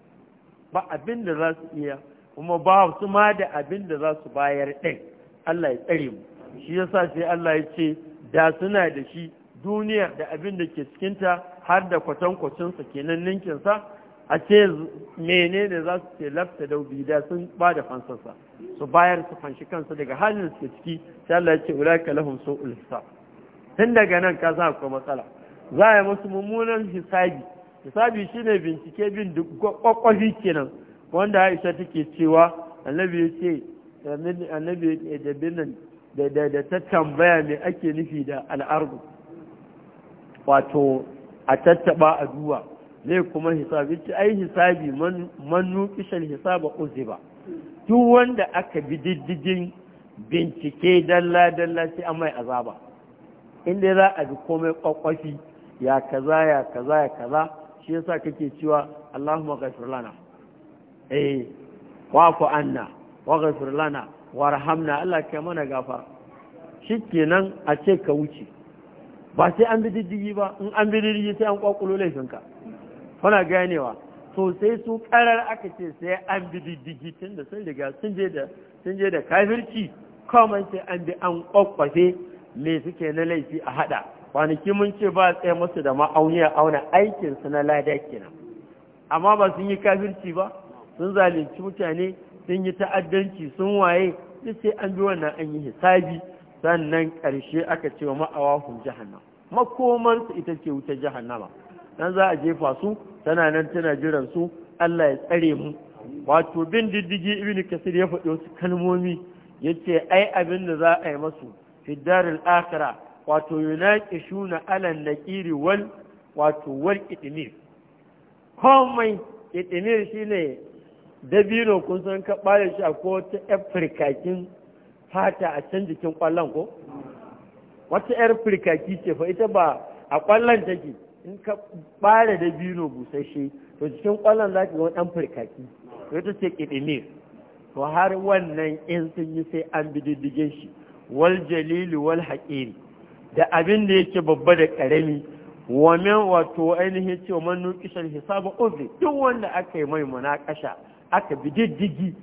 ba abin da za su iya kuma ba su ma da abin da za su bayar ɗin Allah ya tsare mu shi ya sa sai Allah ya ce da suna da shi duniya da abin da ke cikinta har da kwatankwacinsa kenan ninkinsa a ce menene za su ce lafta da da sun ba da fansarsa su bayar su fanshi kansu daga halin da suke ciki sai Allah ya ce ulaka lahum su'ul hisab tun daga nan ka za ku matsala za a yi musu mummunan hisabi hisabi shine bincike bin kwakwafi kenan wanda Aisha take cewa annabi ya ce annabi da nan da ta tambaya me ake nufi da al'argu wato a tattaba a duwa zai kuma hisabi ce ai hisabi manu kishan hisaba ba duk wanda aka bi diddigin bincike dalla-dalla sai an mai azaba inda za a bi komai kwakwafi ya kaza ya kaza ya kaza shi yasa kake cewa Allahumma ghafir lana eh wa'fu anna wa ghafir lana warhamna Allah kai mana gafa shikenan a ce ka wuce ba sai an bi diddigi ba in an bi diddigi sai an kwakulo laifinka kana ganewa to sai su karar aka ce sai an bi diddigi tun da sun riga sun je da sun je da kafirci kawai sai an bi an kwakwafe me suke na laifi a hada kwanaki mun ce ba tsaye musu da ma'auni a auna aikinsu na lada kenan amma ba sun yi kafirci ba sun zalunci mutane sun yi ta'addanci sun waye duk sai an bi wannan an yi hisabi sannan ƙarshe aka ce wa ma'awahun jahannam makomarsu ita ce wuta jahannama dan za a jefa su tana nan tana jiran su Allah ya tsare mu wato bin diddigi ibnu kasir ya faɗi wasu kalmomi yace ai abin da za a yi masu fi daril akhirah wato yunaqishuna ala naqiri wal wato wal itmir komai itmir shine dabino kun san ka bare shi a ko ta afirka kin fata a can jikin kwallon ko wata yar firkaki ce fa ita ba a kwallon take in ka bare dabino busasshe to cikin kwallon za ka ga wani firkaki to ita ce kidimir to har wannan in sun yi sai an bi diddigin shi wal jalil wal haƙiri da abin da yake babba da ƙarami wa min wato ainihin ce man nuqishal hisaba uzi duk wanda aka yi mai munakasha aka bi diddigi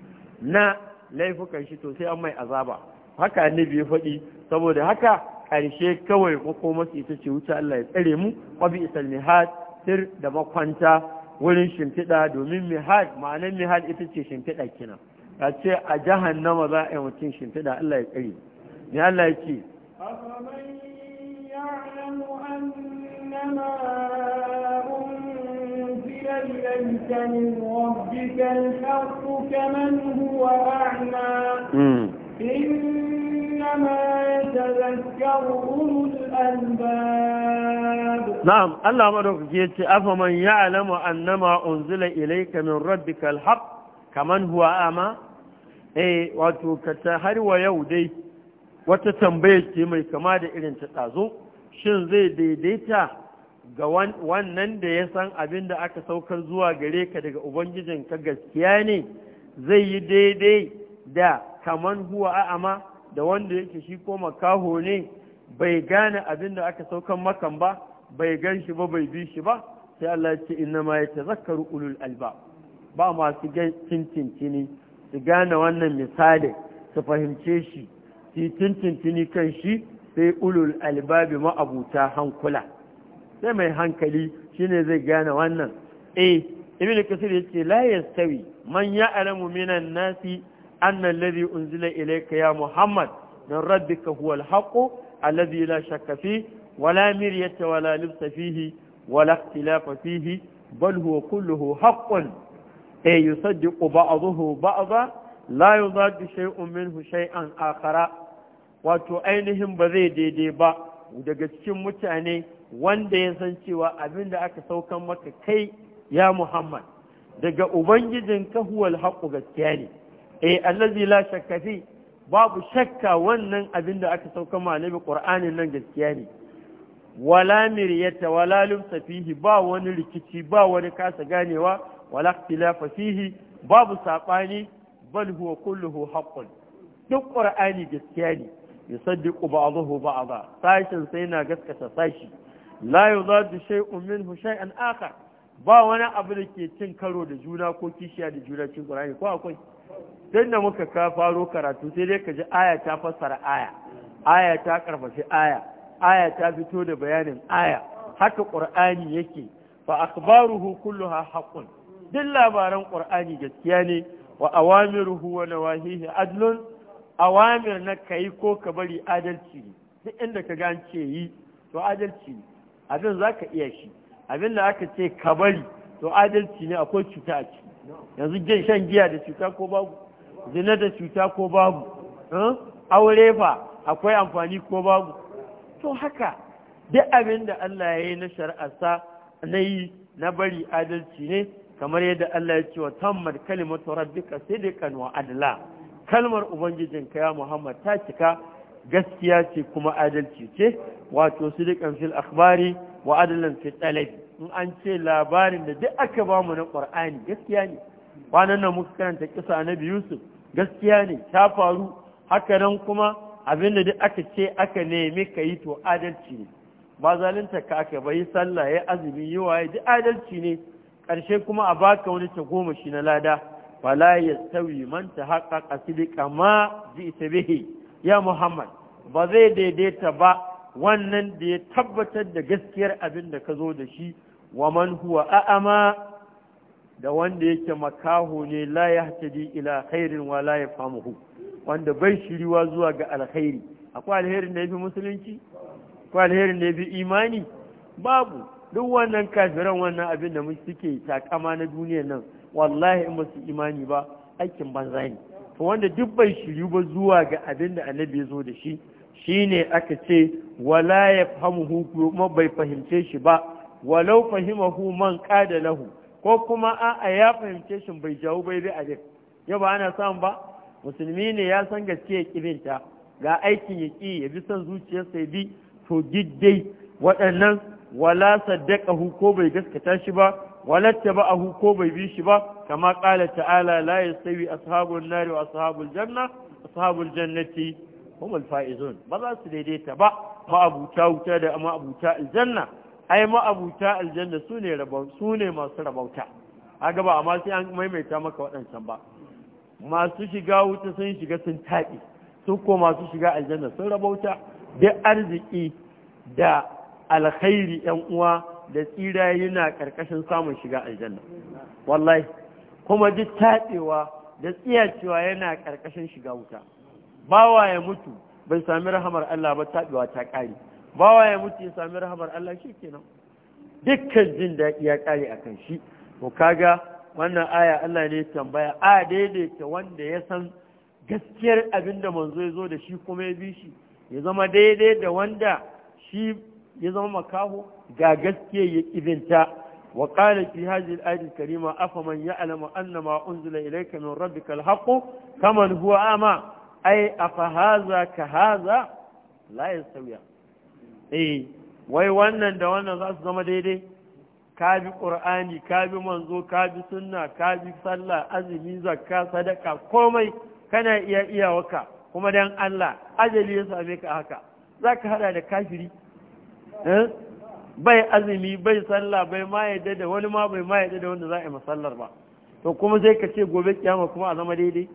na laifukan shi to sai an mai azaba haka annabi ya faɗi saboda haka ƙarshe kawai ko masu ita ce wuce Allah ya tsare mu wa bi isal mihad sir da makwanta wurin shimfiɗa domin mihad ma'anar mihad ita ce shimfiɗa kina a ce a jahannama za a yi mutum shimfiɗa Allah ya tsare mu ne Allah yake إليك من ربك الحق كمن هو أعمى إنما يتذكر أولو الألباب نعم الله مدوك جيتي أفمن يعلم أنما أنزل إليك من ربك الحق كمن هو أعمى eh wato ka ta har wa yau dai wata tambaya ce mai kama da irin ta ɗazo shin zai daidaita ga wannan da ya san abin da aka saukar zuwa gare ka daga ka gaskiya ne zai yi daidai da kaman huwa a'ama da wanda yake shi ko makaho ne bai gane abin da aka saukar makan ba bai gan shi ba bai bi shi ba sai Allah ya ce inna ma ya ulul alba ba masu gan cincin su gane wannan misali su fahimce shi shi kan shi sai ulul albabi ma'abuta hankula sai mai hankali shine zai gane wannan eh ibn kasir yace la yastawi man ya'lamu minan nasi anna alladhi unzila ilayka ya muhammad min rabbika huwa alhaq alladhi la shakka fi wala miryata wala libsa fihi wala ikhtilafa fihi bal huwa kulluhu haqqun ay eh, yusaddiqu ba'dahu ba'dha la yudaddu shay'un minhu shay'an akhara wato ainihin ba zai daidai ba daga cikin mutane wanda ya san cewa abin da aka saukan maka kai ya Muhammad daga Ubangijin kahuwal haƙu gaskiya ne, eh allazi la shakka fi babu shakka wannan abin da aka saukan malami ƙur'ani nan gaskiya ne. Wala miryata wala lumsa fihi ba wani rikici ba wani kasa ganewa wala ikhtilafa fihi babu saɓani bal huwa kulluhu haqqun duk ƙur'ani gaskiya ne zuhu ba'dahu ba'dha Sashen sai yana gaskata sashi la yuzadu shay'un minhu an aka. ba wani abu da ke cin karo da juna ko kishiya da juna cikin Qur'ani ko akwai tun da muka ka faro karatu sai dai ka ji aya ta fassara aya aya ta karfafi aya aya ta fito da bayanin aya haka Qur'ani yake fa akhbaruhu kulluha haqqun duk labaran ƙur'ani gaskiya ne wa awamiruhu wa nawahihi adlun awamir na ka ko ka bari adalci ne duk inda ka gan ce yi to adalci ne abin za ka iya shi abin da aka ce ka bari to adalci ne akwai cuta a ciki yanzu jin shan giya da cuta ko babu zina da cuta ko babu aure fa akwai amfani ko babu to haka duk abin da Allah ya yi na shari'arsa na yi na bari adalci ne kamar yadda Allah ya ce wa tammar kalimatu rabbika sidqan wa adla kalmar ubangijinka ya muhammad ta cika gaskiya ce kuma adalci ce wato sidikan fil akhbari wa adalan fil talab in an ce labarin da duk aka ba mu na qur'ani gaskiya ne kwanan nan muka karanta kisa na yusuf gaskiya ne ta faru haka nan kuma abin da duk aka ce aka nemi ka yi to adalci ne ba zalunta ka aka bai sallah ya azumi yi waye duk adalci ne ƙarshe kuma a baka wani shi na lada fala manta man tahaqqaqa sidqa ma ta bihi ya muhammad ba zai daidaita ba wannan da ya tabbatar da gaskiyar abin da ka zo da shi wa man huwa a'ama da wanda yake makaho ne la ya yahtadi ila khairin wa la famuhu wanda bai shiriwa zuwa ga alkhairi akwai alherin da yafi musulunci akwai alherin da yafi imani babu duk wannan kafiran wannan abin da muke takama na duniyar nan wallahi in musu imani ba aikin banza ne to wanda duk bai shiryu ba zuwa ga abin da annabi ya zo da shi shine aka ce wala ya fahimu kuma bai fahimce shi ba walau fahimahu man qada lahu ko kuma a'a ya fahimce shi bai jawo bai bi abin yau ba ana samu ba musulmi ne ya san gaske kibinta ga aikin ya ki ya bi son zuciyarsa ya bi to diddai waɗannan wala saddaqahu ko bai gaskata shi ba walatta ba a ko bai bi shi ba kama ƙala ta'ala la ya sawi ashabul nari wa ashabul janna ashabul jannati humul faizun ba za su daidaita ba abuta wuta da ma'abuta aljanna ai abuta aljanna su ne su ne masu rabauta a gaba amma sai an maimaita maka waɗancan ba masu shiga wuta sun shiga sun taɓi su ko masu shiga aljanna sun rabauta duk arziki da alkhairi ƴan uwa da tsira yana ƙarƙashin samun shiga aljanna wallahi kuma duk taɗewa da tsiyacewa yana ƙarƙashin shiga wuta bawa ya mutu bai sami rahamar Allah ba taɗewa ta ƙare bawa ya mutu ya sami rahamar Allah shi kenan dukkan jin daɗi ya ƙare a kan shi to kaga wannan aya Allah ne tambaya a daidaita wanda ya san gaskiyar abinda da manzo ya zo da shi kuma ya bi shi ya zama daidai da wanda shi ya zama makaho ga gaske ya kibinta wa qala fi hadhihi al karima afa man ya'lamu anna ma unzila ilayka min rabbika al kaman huwa ama ay afa haza ka hadha la yasawiya eh wai wannan da wannan za su zama daidai ka bi qur'ani ka bi manzo ka bi sunna ka bi sallah azumi zakka sadaka komai kana iya iyawaka kuma dan Allah ajali ya same ka haka zaka hada da kafiri Eh? bai azumi bai sallah bai ma yadda da wani ma bai ma yadda da wanda za a yi masallar ba to kuma sai ka ce gobe kiyama kuma a zama daidai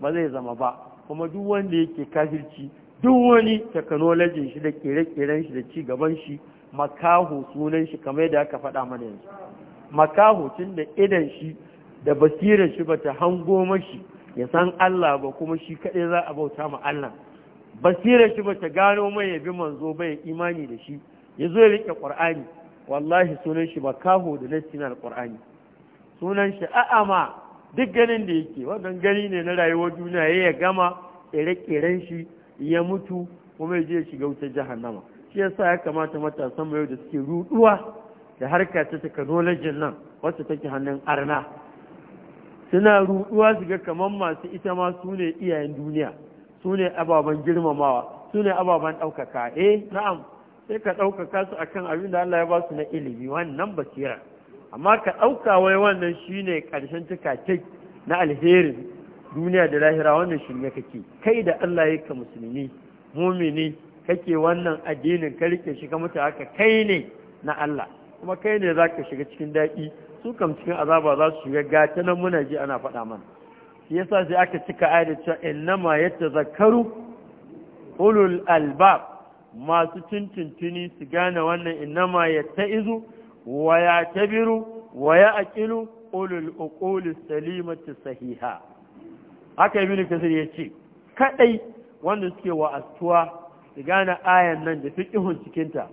ba zai zama ba kuma duk wanda yake kafirci duk wani technology shi da kere-keren shi da ci gaban shi makaho sunan shi kamar yadda aka faɗa mana yanzu makaho tun da idan shi da basirar shi bata hango mashi ya san Allah ba kuma shi kaɗai za a bauta ma Allah basirar shi ta gano mai yabi manzo bai imani da shi ya zo ya riƙe ƙur'ani wallahi sunan shi makaho da nasi na sunan shi a'ama duk ganin da yake wannan gani ne na rayuwar duniya ya gama ƙere-ƙeren shi ya mutu kuma ya je shiga wutar jahannama shi yasa ya kamata matasan mu da suke ruɗuwa da harka ta technology nan wacce take hannun arna suna ruɗuwa su ga kamar masu ita ma su iyayen duniya su ne ababen girmamawa su ne ababen ɗaukaka eh na'am sai ka ɗaukaka su akan abin da Allah ya ba su na ilimi wannan basira amma ka ɗauka wai wannan shine ƙarshen cikakke na alherin duniya da lahira wannan shirme kake kai da Allah ya ka musulmi mumini kake wannan addinin ka rike shi ka mutu haka kai ne na Allah kuma kai ne za ka shiga cikin daɗi su kam cikin azaba za su shiga gata nan muna ji ana faɗa mana shi yasa sai aka cika ayar da cewa innama yatazakkaru ulul albab masu tuntuntuni su gane wannan innama ya ta'izu wa ya tabiru wa ya aqilu ulul uquli salimatu sahiha haka ibn kasir ya ce kadai wanda suke wa asuwa su gane ayan nan da fi cikin ta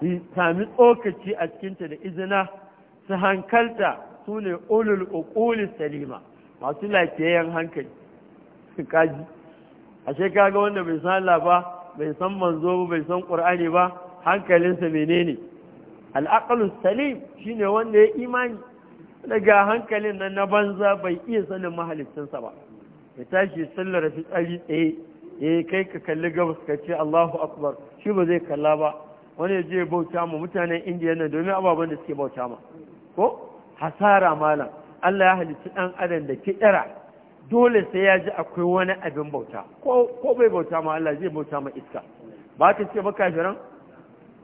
su sami tsokaci a cikinta da izina su hankalta su ne ulul uquli salima masu lafiyayen hankali kaji ashe kaga wanda bai san Allah ba bai san manzo ba bai san ƙur'ani ba hankalinsa menene al'aqlu salim shine wanda ya imani daga hankalin nan na banza bai iya sanin mahalicinsa ba ya tashi sallar fitsari tsaye eh kai ka kalli gabas ka ce Allahu akbar shi ba zai kalla ba wani ya je bauta mu mutanen indiya nan domin ababen da suke bauta ma ko hasara malam Allah ya halicci ɗan adam da kidara dole sai ya ji akwai wani abin bauta ko bai bauta ma Allah zai bauta ma iska ba ka ce ba kafiran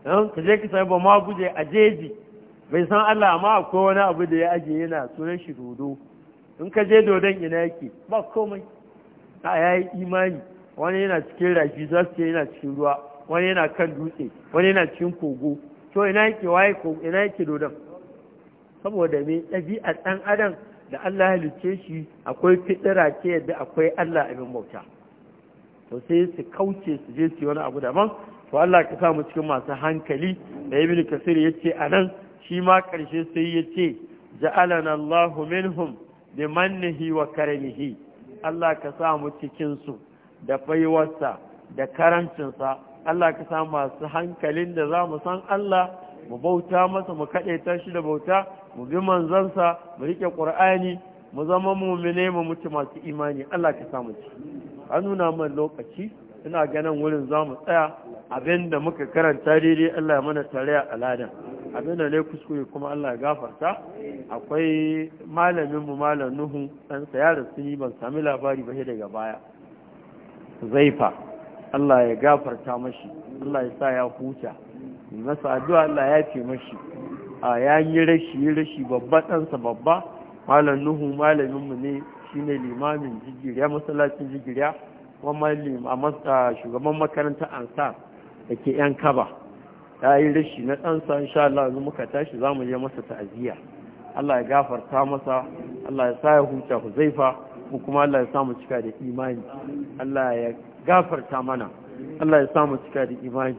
don eh, ka je ka sami ba ma guje a jeji bai san Allah amma akwai wani abu da ya ajiye yana sunan shi dodo in ka je dodon ina yake ba komai a ya yi imani wani yana cikin rafi za su ce yana cikin ruwa wani yana kan dutse wani yana cikin kogo to ina yake waye ina yake dodon saboda me ɗabi'ar ɗan adam da Allah halicce shi akwai fitira ce yadda akwai Allah abin bauta to sai su kauce su je su wani abu daban to Allah ka mu cikin masu hankali da ibn kasir yace anan shi ma karshe sai yace ja'alana Allahu minhum bi mannihi wa karamihi Allah ka mu cikin su da baiwarsa da karancinsa Allah ka sa masu hankalin da za mu san Allah mu bauta masa mu kaɗaita shi da bauta mu bi manzansa mu rike ƙur'ani mu zama mu'mine mu mutu masu imani Allah ka samu ci an nuna man lokaci ina ganin wurin za mu tsaya abinda muka karanta daidai Allah ya mana tare a aladan abinda ne kuskure kuma Allah ya gafarta akwai malamin mu malam Nuhu dan sayar sun yi ban sami labari ba daga baya zaifa Allah ya gafarta mashi Allah ya sa ya huta masa addu'a Allah ya ce mashi a ya rashi rashi babba ɗansa babba malam nuhu malaminmu ne shine limamin jigiriya masallacin jigiriya a shugaban makarantar ansa da ke yan kaba ya yi rashi na ɗansa insha Allah zuwa muka tashi za mu je masa ta'aziyya Allah ya gafarta masa Allah ya sa ya huta huzaifa mu kuma Allah ya samu cika da imani Allah ya gafarta mana Allah ya samu cika da imani